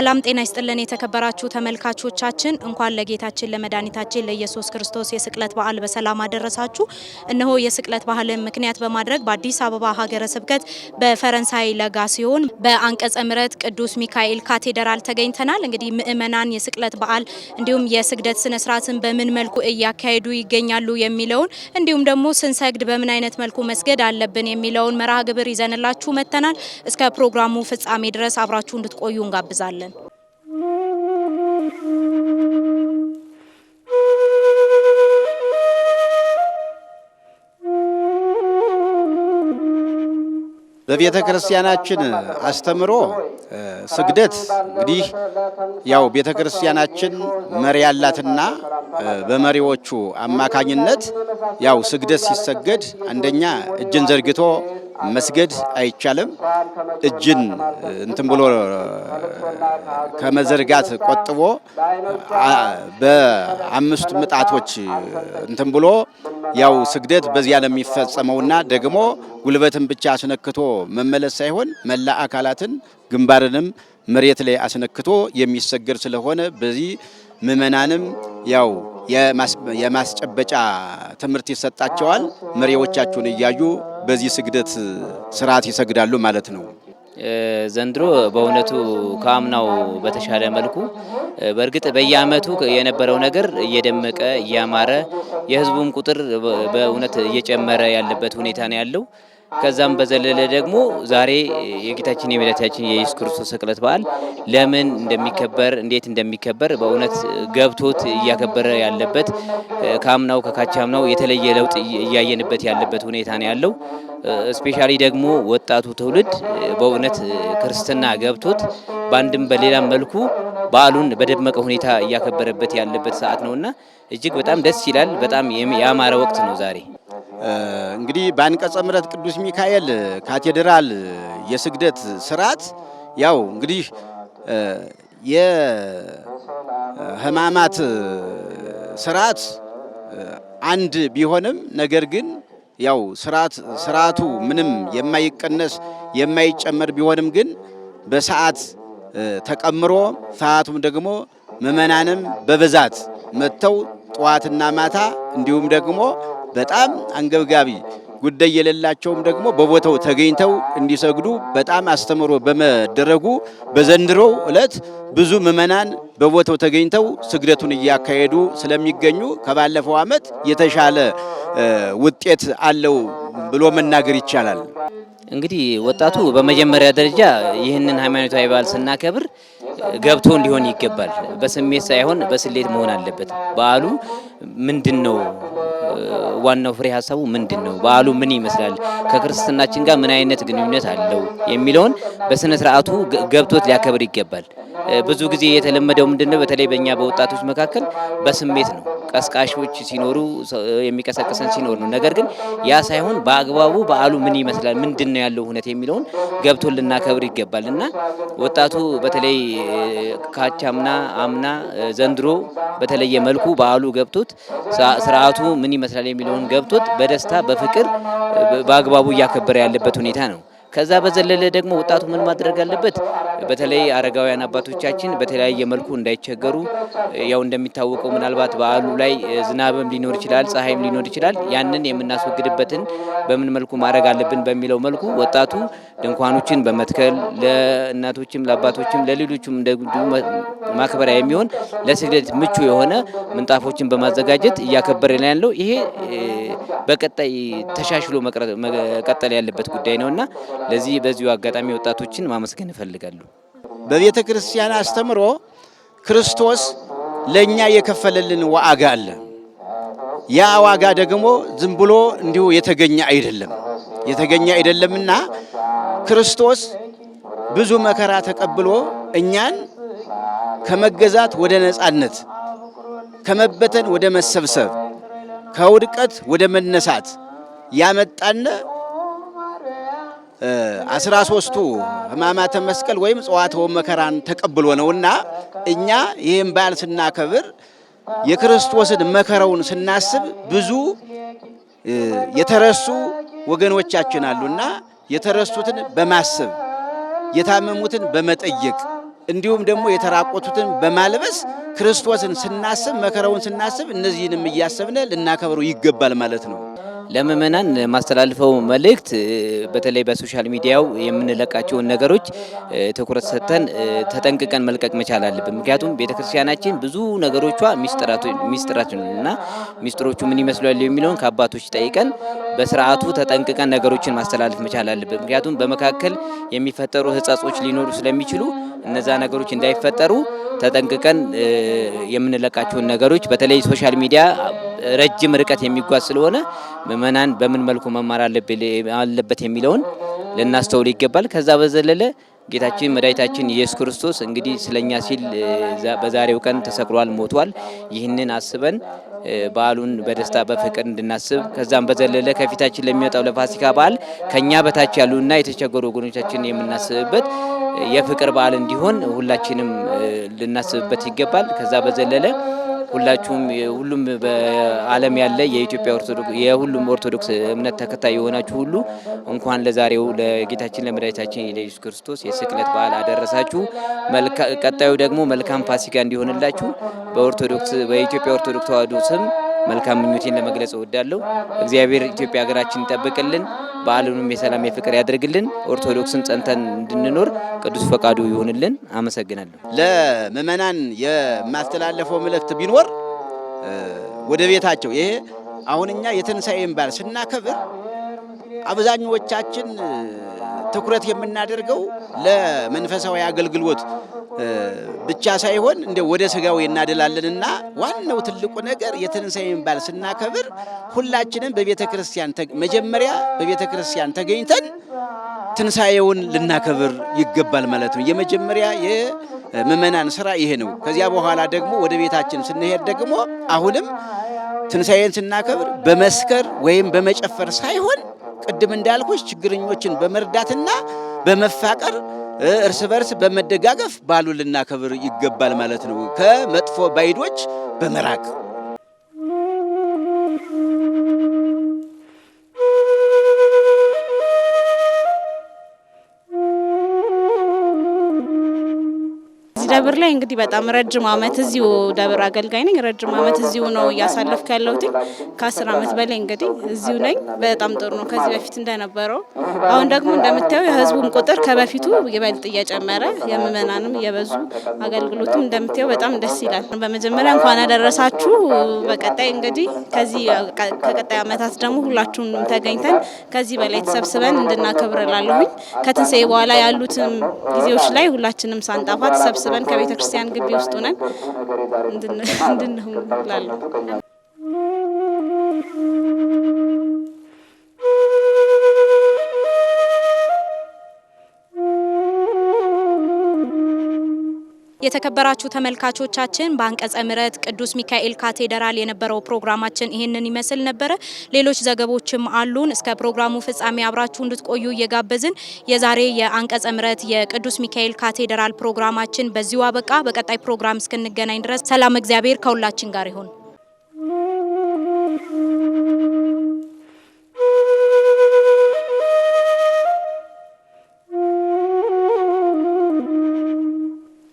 ሰላም ጤና ይስጥልን የተከበራችሁ ተመልካቾቻችን፣ እንኳን ለጌታችን ለመድኃኒታችን ለኢየሱስ ክርስቶስ የስቅለት በዓል በሰላም አደረሳችሁ። እነሆ የስቅለት በዓልን ምክንያት በማድረግ በአዲስ አበባ ሀገረ ስብከት በፈረንሳይ ለጋ ሲሆን በአንቀጸ ምሕረት ቅዱስ ሚካኤል ካቴድራል ተገኝተናል። እንግዲህ ምእመናን የስቅለት በዓል እንዲሁም የስግደት ስነ ስርዓትን በምን መልኩ እያካሄዱ ይገኛሉ የሚለውን እንዲሁም ደግሞ ስንሰግድ በምን አይነት መልኩ መስገድ አለብን የሚለውን መርሃ ግብር ይዘንላችሁ መጥተናል። እስከ ፕሮግራሙ ፍጻሜ ድረስ አብራችሁ እንድትቆዩ እንጋብዛለን። በቤተ ክርስቲያናችን አስተምሮ ስግደት እንግዲህ ያው ቤተ ክርስቲያናችን መሪ ያላትና በመሪዎቹ አማካኝነት ያው ስግደት ሲሰገድ አንደኛ እጅን ዘርግቶ መስገድ አይቻልም። እጅን እንትን ብሎ ከመዘርጋት ቆጥቦ በአምስቱ ምጣቶች እንትን ብሎ ያው ስግደት በዚያ ነው የሚፈጸመውና ደግሞ ጉልበትን ብቻ አስነክቶ መመለስ ሳይሆን መላ አካላትን ግንባርንም መሬት ላይ አስነክቶ የሚሰገድ ስለሆነ በዚህ ምእመናንም ያው የማስጨበጫ ትምህርት ይሰጣቸዋል። መሪዎቻችሁን እያዩ በዚህ ስግደት ስርዓት ይሰግዳሉ ማለት ነው። ዘንድሮ በእውነቱ ከአምናው በተሻለ መልኩ በእርግጥ በየአመቱ የነበረው ነገር እየደመቀ እያማረ የህዝቡም ቁጥር በእውነት እየጨመረ ያለበት ሁኔታ ነው ያለው። ከዛም በዘለለ ደግሞ ዛሬ የጌታችን የመድኃኒታችን የኢየሱስ ክርስቶስ ስቅለት በዓል ለምን እንደሚከበር እንዴት እንደሚከበር በእውነት ገብቶት እያከበረ ያለበት ከአምናው ከካቻምናው የተለየ ለውጥ እያየንበት ያለበት ሁኔታ ነው ያለው። እስፔሻሊ ደግሞ ወጣቱ ትውልድ በእውነት ክርስትና ገብቶት በአንድም በሌላም መልኩ በዓሉን በደመቀ ሁኔታ እያከበረበት ያለበት ሰዓት እና እጅግ በጣም ደስ ይላል። በጣም ያማረ ወቅት ነው ዛሬ። እንግዲህ በአንቀጸ ምሕረት ቅዱስ ሚካኤል ካቴድራል የስግደት ስርዓት ያው እንግዲህ የህማማት ስርዓት አንድ ቢሆንም ነገር ግን ያው ስርዓቱ ምንም የማይቀነስ የማይጨመር ቢሆንም ግን በሰዓት ተቀምሮ ሰዓቱም ደግሞ ምዕመናንም በብዛት መጥተው ጠዋትና ማታ እንዲሁም ደግሞ በጣም አንገብጋቢ ጉዳይ የሌላቸውም ደግሞ በቦታው ተገኝተው እንዲሰግዱ በጣም አስተምሮ በመደረጉ በዘንድሮው ዕለት ብዙ ምዕመናን በቦታው ተገኝተው ስግደቱን እያካሄዱ ስለሚገኙ ከባለፈው ዓመት የተሻለ ውጤት አለው ብሎ መናገር ይቻላል። እንግዲህ ወጣቱ በመጀመሪያ ደረጃ ይህንን ሃይማኖታዊ በዓል ስናከብር ገብቶ እንዲሆን ይገባል። በስሜት ሳይሆን በስሌት መሆን አለበት። በዓሉ ምንድን ነው? ዋናው ፍሬ ሀሳቡ ምንድን ነው? በዓሉ ምን ይመስላል? ከክርስትናችን ጋር ምን አይነት ግንኙነት አለው? የሚለውን በስነ ስርዓቱ ገብቶት ሊያከብር ይገባል። ብዙ ጊዜ የተለመደው ምንድን ነው? በተለይ በእኛ በወጣቶች መካከል በስሜት ነው ቀስቃሾች ሲኖሩ የሚቀሰቀሰን ሲኖር ነው። ነገር ግን ያ ሳይሆን በአግባቡ በዓሉ ምን ይመስላል፣ ምንድን ነው ያለው እውነት የሚለውን ገብቶን ልናከብር ይገባል እና ወጣቱ በተለይ ካቻምና አምና ዘንድሮ በተለየ መልኩ በዓሉ ገብቶት ስርዓቱ ምን ይመስላል የሚለውን ገብቶት በደስታ በፍቅር በአግባቡ እያከበረ ያለበት ሁኔታ ነው። ከዛ በዘለለ ደግሞ ወጣቱ ምን ማድረግ አለበት? በተለይ አረጋውያን አባቶቻችን በተለያየ መልኩ እንዳይቸገሩ ያው እንደሚታወቀው ምናልባት በዓሉ ላይ ዝናብም ሊኖር ይችላል፣ ፀሐይም ሊኖር ይችላል። ያንን የምናስወግድበትን በምን መልኩ ማድረግ አለብን በሚለው መልኩ ወጣቱ ድንኳኖችን በመትከል ለእናቶችም ለአባቶችም ለሌሎችም እንደ ማክበሪያ የሚሆን ለስግደት ምቹ የሆነ ምንጣፎችን በማዘጋጀት እያከበረ ነው ያለው። ይሄ በቀጣይ ተሻሽሎ መቀጠል ያለበት ጉዳይ እና ለዚህ በዚሁ አጋጣሚ ወጣቶችን ማመስገን እፈልጋለሁ። በቤተ ክርስቲያን አስተምሮ ክርስቶስ ለእኛ የከፈለልን ዋጋ አለ። ያ ዋጋ ደግሞ ዝም ብሎ እንዲሁ የተገኘ አይደለም የተገኘ አይደለምና ክርስቶስ ብዙ መከራ ተቀብሎ እኛን ከመገዛት ወደ ነፃነት፣ ከመበተን ወደ መሰብሰብ፣ ከውድቀት ወደ መነሳት ያመጣነ አስራ ሶስቱ ሕማማተ መስቀል ወይም ጽዋትወ መከራን ተቀብሎ ነውና እኛ ይህን በዓል ስናከብር የክርስቶስን መከራውን ስናስብ ብዙ የተረሱ ወገኖቻችን አሉና የተረሱትን በማሰብ የታመሙትን በመጠየቅ እንዲሁም ደግሞ የተራቆቱትን በማልበስ ክርስቶስን ስናስብ መከራውን ስናስብ እነዚህንም እያሰብነ ልናከብረው ይገባል ማለት ነው። ለምእመናን ማስተላልፈው መልእክት በተለይ በሶሻል ሚዲያው የምንለቃቸውን ነገሮች ትኩረት ሰጥተን ተጠንቅቀን መልቀቅ መቻል አለብን። ምክንያቱም ቤተክርስቲያናችን ብዙ ነገሮቿ ሚስጥራት እና ሚስጥሮቹ ምን ይመስላሉ የሚለውን ከአባቶች ጠይቀን በስርዓቱ ተጠንቅቀን ነገሮችን ማስተላለፍ መቻል አለብን። ምክንያቱም በመካከል የሚፈጠሩ ሕጸጾች ሊኖሩ ስለሚችሉ እነዛ ነገሮች እንዳይፈጠሩ ተጠንቅቀን የምንለቃቸውን ነገሮች በተለይ ሶሻል ሚዲያ ረጅም ርቀት የሚጓዝ ስለሆነ ምዕመናን በምን መልኩ መማር አለበት የሚለውን ልናስተውል ይገባል። ከዛ በዘለለ ጌታችን መድኃኒታችን ኢየሱስ ክርስቶስ እንግዲህ ስለኛ ሲል በዛሬው ቀን ተሰቅሏል፣ ሞቷል። ይህንን አስበን በዓሉን በደስታ በፍቅር እንድናስብ ከዛም በዘለለ ከፊታችን ለሚወጣው ለፋሲካ በዓል ከኛ በታች ያሉና የተቸገሩ ወገኖቻችን የምናስብበት የፍቅር በዓል እንዲሆን ሁላችንም ልናስብበት ይገባል። ከዛ በዘለለ ሁላችሁም ሁሉም በዓለም ያለ የኢትዮጵያ ኦርቶዶክስ የሁሉም ኦርቶዶክስ እምነት ተከታይ የሆናችሁ ሁሉ እንኳን ለዛሬው ለጌታችን ለመድኃኒታችን ለኢየሱስ ክርስቶስ የስቅለት በዓል አደረሳችሁ። ቀጣዩ ደግሞ መልካም ፋሲካ እንዲሆንላችሁ በኦርቶዶክስ በኢትዮጵያ ኦርቶዶክስ ተዋሕዶ ስም መልካም ምኞቴን ለመግለጽ እወዳለሁ። እግዚአብሔር ኢትዮጵያ ሀገራችን ይጠብቅልን፣ በዓሉንም የሰላም የፍቅር ያደርግልን፣ ኦርቶዶክስን ጸንተን እንድንኖር ቅዱስ ፈቃዱ ይሆንልን። አመሰግናለሁ። ለምእመናን የማስተላለፈው መልእክት ቢኖር ወደ ቤታቸው ይሄ አሁን እኛ የትንሣኤን በዓል ስናከብር አብዛኞቻችን ትኩረት የምናደርገው ለመንፈሳዊ አገልግሎት ብቻ ሳይሆን እንደ ወደ ስጋው እናደላለንና ዋናው ትልቁ ነገር የትንሣኤን በዓል ስናከብር ሁላችንም በቤተ ክርስቲያን መጀመሪያ በቤተ ክርስቲያን ተገኝተን ትንሣኤውን ልናከብር ይገባል ማለት ነው። የመጀመሪያ የምእመናን ስራ ይሄ ነው። ከዚያ በኋላ ደግሞ ወደ ቤታችን ስንሄድ ደግሞ አሁንም ትንሣኤን ስናከብር በመስከር ወይም በመጨፈር ሳይሆን ቅድም እንዳልኩሽ ችግረኞችን በመርዳትና በመፋቀር እርስ በርስ በመደጋገፍ ባሉልና ልናከብር ይገባል ማለት ነው። ከመጥፎ ባይዶች በመራቅ ደብር ላይ እንግዲህ በጣም ረጅም አመት እዚሁ ደብር አገልጋይ ነኝ። ረጅም አመት እዚሁ ነው እያሳለፍኩ ያለሁት። ከአስር ዓመት በላይ እንግዲህ እዚሁ ነኝ። በጣም ጥሩ ነው ከዚህ በፊት እንደነበረው። አሁን ደግሞ እንደምታየው የህዝቡም ቁጥር ከበፊቱ ይበልጥ እየጨመረ የምእመናንም እየበዙ አገልግሎቱም እንደምታየው በጣም ደስ ይላል። በመጀመሪያ እንኳን ያደረሳችሁ። በቀጣይ እንግዲህ ከዚህ ከቀጣይ ዓመታት ደግሞ ሁላችሁም ተገኝተን ከዚህ በላይ ተሰብስበን እንድናከብር ላለሁኝ በኋላ ያሉትም ጊዜዎች ላይ ሁላችንም ሳንጣፋ ተሰብስበን ከቤተ ክርስቲያን ግቢ ውስጥ ሆነን እንድንህም ላለሁ የተከበራችሁ ተመልካቾቻችን በአንቀጸ ምሕረት ቅዱስ ሚካኤል ካቴድራል የነበረው ፕሮግራማችን ይህንን ይመስል ነበረ። ሌሎች ዘገቦችም አሉን። እስከ ፕሮግራሙ ፍጻሜ አብራችሁ እንድትቆዩ እየጋበዝን የዛሬ የአንቀጸ ምሕረት የቅዱስ ሚካኤል ካቴድራል ፕሮግራማችን በዚሁ አበቃ። በቀጣይ ፕሮግራም እስክንገናኝ ድረስ ሰላም፣ እግዚአብሔር ከሁላችን ጋር ይሁን።